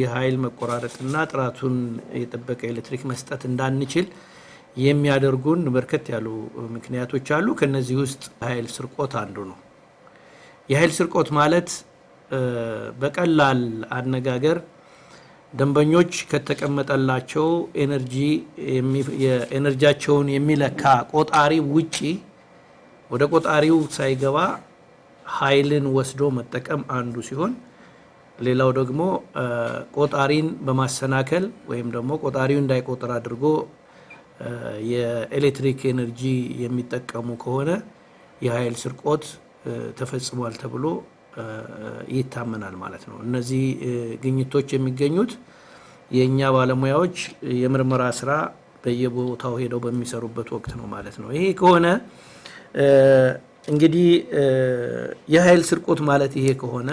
የኃይል መቆራረጥና ጥራቱን የጠበቀ ኤሌክትሪክ መስጠት እንዳንችል የሚያደርጉን በርከት ያሉ ምክንያቶች አሉ። ከነዚህ ውስጥ ኃይል ስርቆት አንዱ ነው። የኃይል ስርቆት ማለት በቀላል አነጋገር ደንበኞች ከተቀመጠላቸው ኤነርጂ የኤነርጂያቸውን የሚለካ ቆጣሪ ውጪ ወደ ቆጣሪው ሳይገባ ኃይልን ወስዶ መጠቀም አንዱ ሲሆን ሌላው ደግሞ ቆጣሪን በማሰናከል ወይም ደግሞ ቆጣሪው እንዳይቆጥር አድርጎ የኤሌክትሪክ ኤነርጂ የሚጠቀሙ ከሆነ የኃይል ስርቆት ተፈጽሟል ተብሎ ይታመናል ማለት ነው። እነዚህ ግኝቶች የሚገኙት የእኛ ባለሙያዎች የምርመራ ስራ በየቦታው ሄደው በሚሰሩበት ወቅት ነው ማለት ነው። ይሄ ከሆነ እንግዲህ የኃይል ስርቆት ማለት ይሄ ከሆነ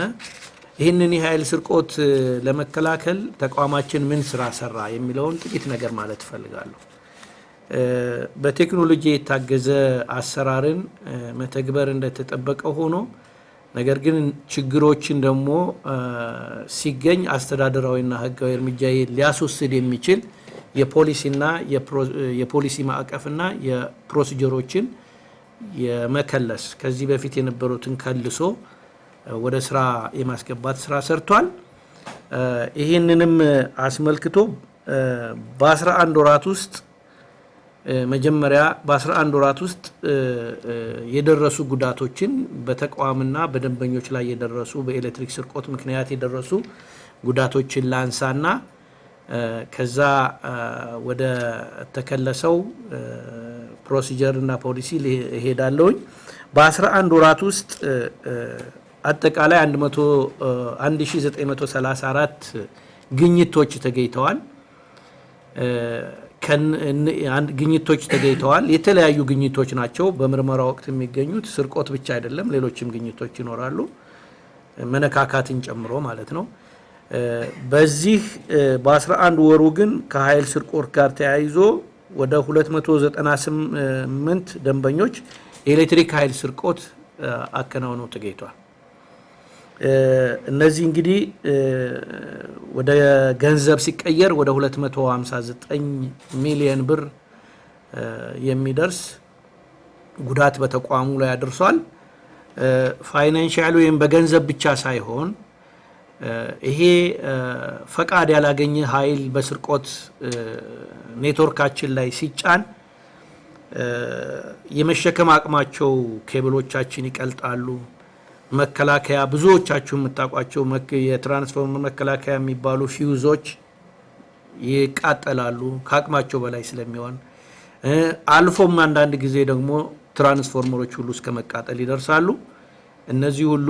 ይህንን የኃይል ስርቆት ለመከላከል ተቋማችን ምን ስራ ሰራ የሚለውን ጥቂት ነገር ማለት እፈልጋለሁ። በቴክኖሎጂ የታገዘ አሰራርን መተግበር እንደተጠበቀ ሆኖ ነገር ግን ችግሮችን ደግሞ ሲገኝ አስተዳደራዊና ሕጋዊ እርምጃ ሊያስወስድ የሚችል የፖሊሲና የፖሊሲ ማዕቀፍና የፕሮሲጀሮችን የመከለስ ከዚህ በፊት የነበሩትን ከልሶ ወደ ስራ የማስገባት ስራ ሰርቷል። ይህንንም አስመልክቶ በ11 ወራት ውስጥ መጀመሪያ በ11 ወራት ውስጥ የደረሱ ጉዳቶችን በተቋምና በደንበኞች ላይ የደረሱ በኤሌክትሪክ ስርቆት ምክንያት የደረሱ ጉዳቶችን ላንሳና ከዛ ወደ ተከለሰው ፕሮሲጀር እና ፖሊሲ እሄዳለሁኝ። በ11 ወራት ውስጥ አጠቃላይ 1934 ግኝቶች ተገኝተዋል። ግኝቶች ተገኝተዋል። የተለያዩ ግኝቶች ናቸው በምርመራ ወቅት የሚገኙት። ስርቆት ብቻ አይደለም፣ ሌሎችም ግኝቶች ይኖራሉ፣ መነካካትን ጨምሮ ማለት ነው። በዚህ በ11 ወሩ ግን ከኃይል ስርቆት ጋር ተያይዞ ወደ 298 ደንበኞች የኤሌክትሪክ ኃይል ስርቆት አከናውነው ተገኝቷል። እነዚህ እንግዲህ ወደ ገንዘብ ሲቀየር ወደ 259 ሚሊየን ብር የሚደርስ ጉዳት በተቋሙ ላይ አድርሷል። ፋይናንሻል ወይም በገንዘብ ብቻ ሳይሆን ይሄ ፈቃድ ያላገኘ ኃይል በስርቆት ኔትወርካችን ላይ ሲጫን የመሸከም አቅማቸው ኬብሎቻችን ይቀልጣሉ። መከላከያ ብዙዎቻችሁ የምታውቋቸው የትራንስፎርመር መከላከያ የሚባሉ ፊውዞች ይቃጠላሉ ከአቅማቸው በላይ ስለሚሆን፣ አልፎም አንዳንድ ጊዜ ደግሞ ትራንስፎርመሮች ሁሉ እስከ መቃጠል ይደርሳሉ። እነዚህ ሁሉ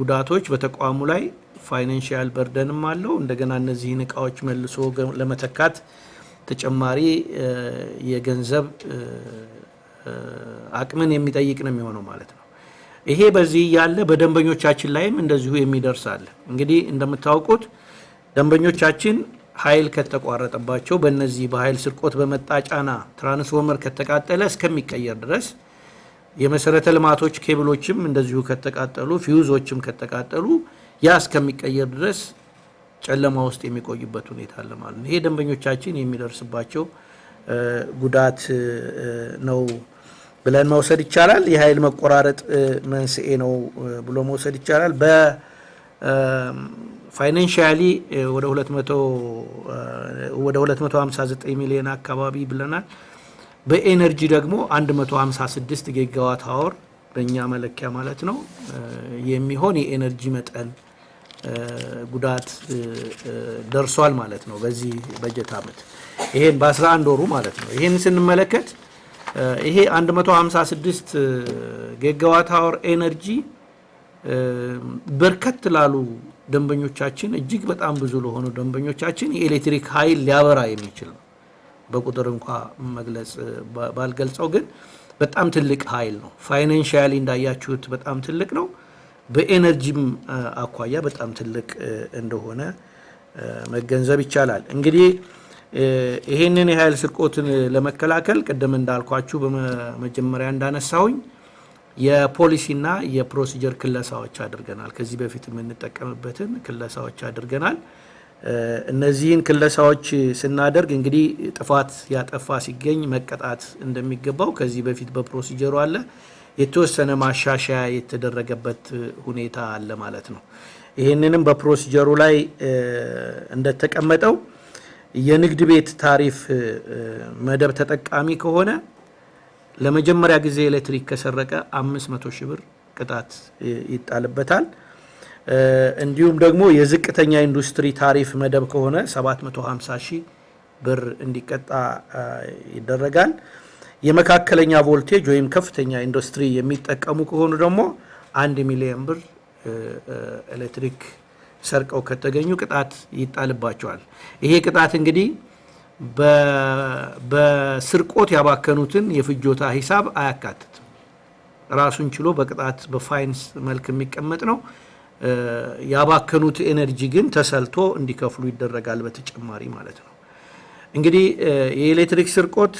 ጉዳቶች በተቋሙ ላይ ፋይናንሽያል በርደንም አለው። እንደገና እነዚህን እቃዎች መልሶ ለመተካት ተጨማሪ የገንዘብ አቅምን የሚጠይቅ ነው የሚሆነው ማለት ነው። ይሄ በዚህ እያለ በደንበኞቻችን ላይም እንደዚሁ የሚደርሳል። እንግዲህ እንደምታውቁት ደንበኞቻችን ኃይል ከተቋረጠባቸው በእነዚህ በኃይል ስርቆት በመጣ ጫና ትራንስፎርመር ከተቃጠለ እስከሚቀየር ድረስ የመሰረተ ልማቶች ኬብሎችም እንደዚሁ ከተቃጠሉ ፊውዞችም ከተቃጠሉ ያ እስከሚቀየር ድረስ ጨለማ ውስጥ የሚቆይበት ሁኔታ አለ ማለት ነው። ይሄ ደንበኞቻችን የሚደርስባቸው ጉዳት ነው። ብለን መውሰድ ይቻላል። የኃይል መቆራረጥ መንስኤ ነው ብሎ መውሰድ ይቻላል። በፋይናንሻሊ ወደ 259 ሚሊዮን አካባቢ ብለናል። በኤነርጂ ደግሞ 156 ጊጋዋት አወር በእኛ መለኪያ ማለት ነው የሚሆን የኤነርጂ መጠን ጉዳት ደርሷል ማለት ነው በዚህ በጀት ዓመት ይሄን በ11 ወሩ ማለት ነው። ይሄን ስንመለከት ይሄ 156 ጌጋዋት አወር ኤነርጂ በርከት ላሉ ደንበኞቻችን እጅግ በጣም ብዙ ለሆኑ ደንበኞቻችን የኤሌክትሪክ ኃይል ሊያበራ የሚችል ነው። በቁጥር እንኳ መግለጽ ባልገልጸው፣ ግን በጣም ትልቅ ኃይል ነው። ፋይናንሻሊ እንዳያችሁት በጣም ትልቅ ነው። በኤነርጂም አኳያ በጣም ትልቅ እንደሆነ መገንዘብ ይቻላል እንግዲህ ይህንን የኃይል ስርቆትን ለመከላከል ቅድም እንዳልኳችሁ በመጀመሪያ እንዳነሳውኝ የፖሊሲና የፕሮሲጀር ክለሳዎች አድርገናል። ከዚህ በፊት የምንጠቀምበትን ክለሳዎች አድርገናል። እነዚህን ክለሳዎች ስናደርግ እንግዲህ ጥፋት ያጠፋ ሲገኝ መቀጣት እንደሚገባው ከዚህ በፊት በፕሮሲጀሩ አለ፣ የተወሰነ ማሻሻያ የተደረገበት ሁኔታ አለ ማለት ነው። ይህንንም በፕሮሲጀሩ ላይ እንደተቀመጠው የንግድ ቤት ታሪፍ መደብ ተጠቃሚ ከሆነ ለመጀመሪያ ጊዜ ኤሌክትሪክ ከሰረቀ 500 ሺህ ብር ቅጣት ይጣልበታል። እንዲሁም ደግሞ የዝቅተኛ ኢንዱስትሪ ታሪፍ መደብ ከሆነ 750 ሺህ ብር እንዲቀጣ ይደረጋል። የመካከለኛ ቮልቴጅ ወይም ከፍተኛ ኢንዱስትሪ የሚጠቀሙ ከሆኑ ደግሞ አንድ ሚሊዮን ብር ኤሌክትሪክ ሰርቀው ከተገኙ ቅጣት ይጣልባቸዋል። ይሄ ቅጣት እንግዲህ በስርቆት ያባከኑትን የፍጆታ ሂሳብ አያካትትም። ራሱን ችሎ በቅጣት በፋይንስ መልክ የሚቀመጥ ነው። ያባከኑት ኤነርጂ ግን ተሰልቶ እንዲከፍሉ ይደረጋል። በተጨማሪ ማለት ነው። እንግዲህ የኤሌክትሪክ ስርቆት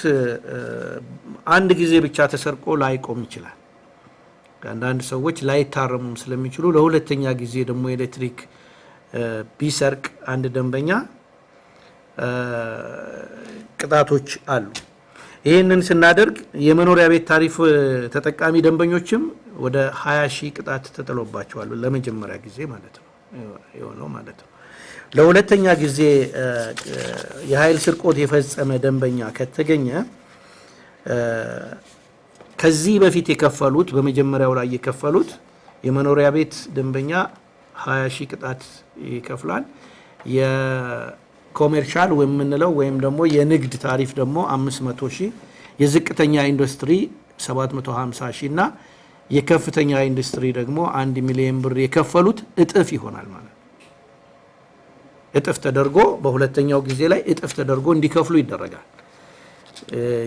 አንድ ጊዜ ብቻ ተሰርቆ ላይቆም ይችላል። አንዳንድ ሰዎች ላይታረሙም ስለሚችሉ ለሁለተኛ ጊዜ ደግሞ ኤሌክትሪክ ቢሰርቅ አንድ ደንበኛ ቅጣቶች አሉ። ይህንን ስናደርግ የመኖሪያ ቤት ታሪፍ ተጠቃሚ ደንበኞችም ወደ 20 ሺህ ቅጣት ተጥሎባቸዋል። ለመጀመሪያ ጊዜ ማለት ነው የሆነው ማለት ነው። ለሁለተኛ ጊዜ የኃይል ስርቆት የፈጸመ ደንበኛ ከተገኘ ከዚህ በፊት የከፈሉት በመጀመሪያው ላይ የከፈሉት የመኖሪያ ቤት ደንበኛ 20 ሺህ ቅጣት ይከፍላል። የኮሜርሻል የምንለው ወይም ደግሞ የንግድ ታሪፍ ደግሞ 500 ሺህ፣ የዝቅተኛ ኢንዱስትሪ 750 ሺህ እና የከፍተኛ ኢንዱስትሪ ደግሞ አንድ ሚሊዮን ብር የከፈሉት እጥፍ ይሆናል ማለት እጥፍ ተደርጎ በሁለተኛው ጊዜ ላይ እጥፍ ተደርጎ እንዲከፍሉ ይደረጋል።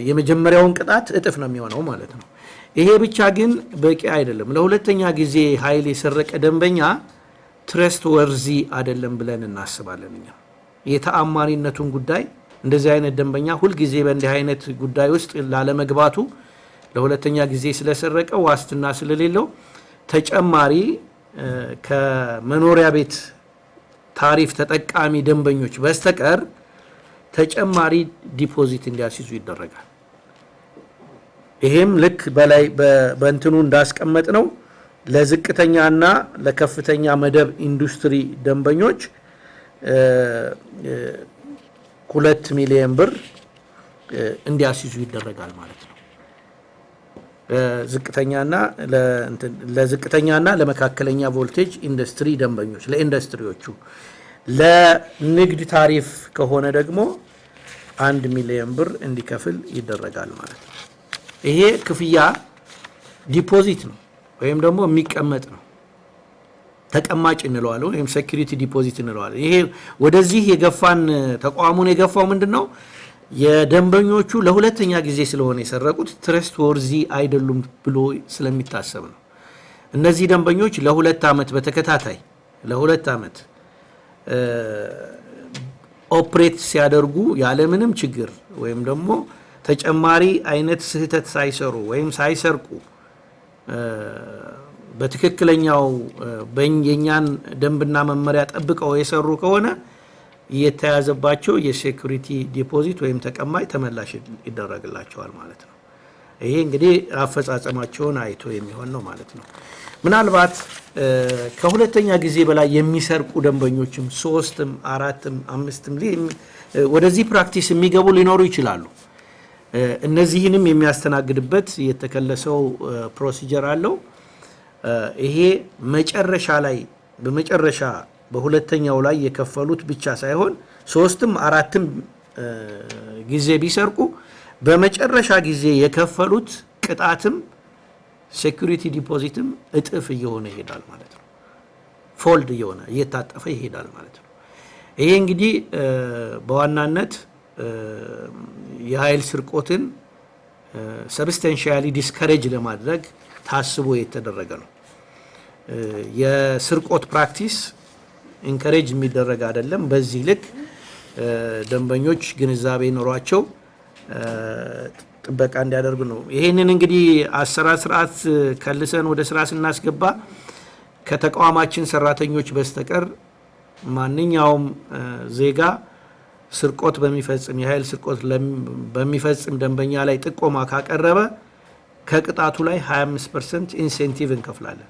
የመጀመሪያውን ቅጣት እጥፍ ነው የሚሆነው ማለት ነው። ይሄ ብቻ ግን በቂ አይደለም። ለሁለተኛ ጊዜ ኃይል የሰረቀ ደንበኛ ትረስት ወርዚ አይደለም ብለን እናስባለን። እኛ የተአማኒነቱን ጉዳይ እንደዚህ አይነት ደንበኛ ሁልጊዜ በእንዲህ አይነት ጉዳይ ውስጥ ላለመግባቱ ለሁለተኛ ጊዜ ስለሰረቀ ዋስትና ስለሌለው ተጨማሪ ከመኖሪያ ቤት ታሪፍ ተጠቃሚ ደንበኞች በስተቀር ተጨማሪ ዲፖዚት እንዲያስይዙ ይደረጋል። ይሄም ልክ በላይ በእንትኑ እንዳስቀመጥ ነው ለዝቅተኛና ለከፍተኛ መደብ ኢንዱስትሪ ደንበኞች ሁለት ሚሊዮን ብር እንዲያስይዙ ይደረጋል ማለት ነው። ለዝቅተኛና ለመካከለኛ ቮልቴጅ ኢንዱስትሪ ደንበኞች ለኢንዱስትሪዎቹ፣ ለንግድ ታሪፍ ከሆነ ደግሞ አንድ ሚሊዮን ብር እንዲከፍል ይደረጋል ማለት ነው። ይሄ ክፍያ ዲፖዚት ነው። ወይም ደግሞ የሚቀመጥ ነው። ተቀማጭ እንለዋለን ወይም ሴኩሪቲ ዲፖዚት እንለዋለን። ይሄ ወደዚህ የገፋን ተቋሙን የገፋው ምንድን ነው? የደንበኞቹ ለሁለተኛ ጊዜ ስለሆነ የሰረቁት ትረስት ወርዚ አይደሉም ብሎ ስለሚታሰብ ነው። እነዚህ ደንበኞች ለሁለት ዓመት በተከታታይ ለሁለት ዓመት ኦፕሬት ሲያደርጉ ያለምንም ችግር ወይም ደግሞ ተጨማሪ አይነት ስህተት ሳይሰሩ ወይም ሳይሰርቁ በትክክለኛው የእኛን ደንብና መመሪያ ጠብቀው የሰሩ ከሆነ የተያዘባቸው የሴኩሪቲ ዲፖዚት ወይም ተቀማጭ ተመላሽ ይደረግላቸዋል ማለት ነው። ይሄ እንግዲህ አፈጻጸማቸውን አይቶ የሚሆን ነው ማለት ነው። ምናልባት ከሁለተኛ ጊዜ በላይ የሚሰርቁ ደንበኞችም ሶስትም፣ አራትም፣ አምስትም ወደዚህ ፕራክቲስ የሚገቡ ሊኖሩ ይችላሉ። እነዚህንም የሚያስተናግድበት የተከለሰው ፕሮሲጀር አለው። ይሄ መጨረሻ ላይ በመጨረሻ በሁለተኛው ላይ የከፈሉት ብቻ ሳይሆን ሶስትም አራትም ጊዜ ቢሰርቁ በመጨረሻ ጊዜ የከፈሉት ቅጣትም ሴኩሪቲ ዲፖዚትም እጥፍ እየሆነ ይሄዳል ማለት ነው። ፎልድ እየሆነ እየታጠፈ ይሄዳል ማለት ነው። ይሄ እንግዲህ በዋናነት የኃይል ስርቆትን ሰብስተንሻሊ ዲስከሬጅ ለማድረግ ታስቦ የተደረገ ነው። የስርቆት ፕራክቲስ ኢንከሬጅ የሚደረግ አይደለም። በዚህ ልክ ደንበኞች ግንዛቤ ኖሯቸው ጥበቃ እንዲያደርጉ ነው። ይህንን እንግዲህ አሰራር ስርዓት ከልሰን ወደ ስራ ስናስገባ ከተቋማችን ሰራተኞች በስተቀር ማንኛውም ዜጋ ስርቆት በሚፈጽም የኃይል ስርቆት በሚፈጽም ደንበኛ ላይ ጥቆማ ካቀረበ ከቅጣቱ ላይ 25 ፐርሰንት ኢንሴንቲቭ እንከፍላለን።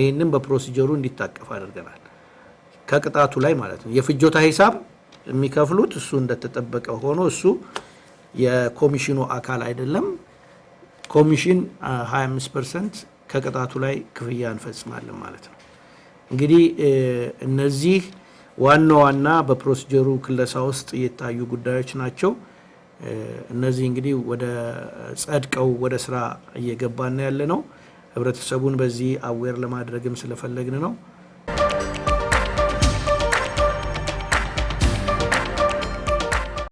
ይህንም በፕሮሲጀሩ እንዲታቀፍ አድርገናል። ከቅጣቱ ላይ ማለት ነው። የፍጆታ ሂሳብ የሚከፍሉት እሱ እንደተጠበቀ ሆኖ እሱ የኮሚሽኑ አካል አይደለም። ኮሚሽን 25 ፐርሰንት ከቅጣቱ ላይ ክፍያ እንፈጽማለን ማለት ነው። እንግዲህ እነዚህ ዋና ዋና በፕሮሲጀሩ ክለሳ ውስጥ የታዩ ጉዳዮች ናቸው። እነዚህ እንግዲህ ወደ ጸድቀው ወደ ስራ እየገባን ያለ ነው። ህብረተሰቡን በዚህ አዌር ለማድረግም ስለፈለግን ነው።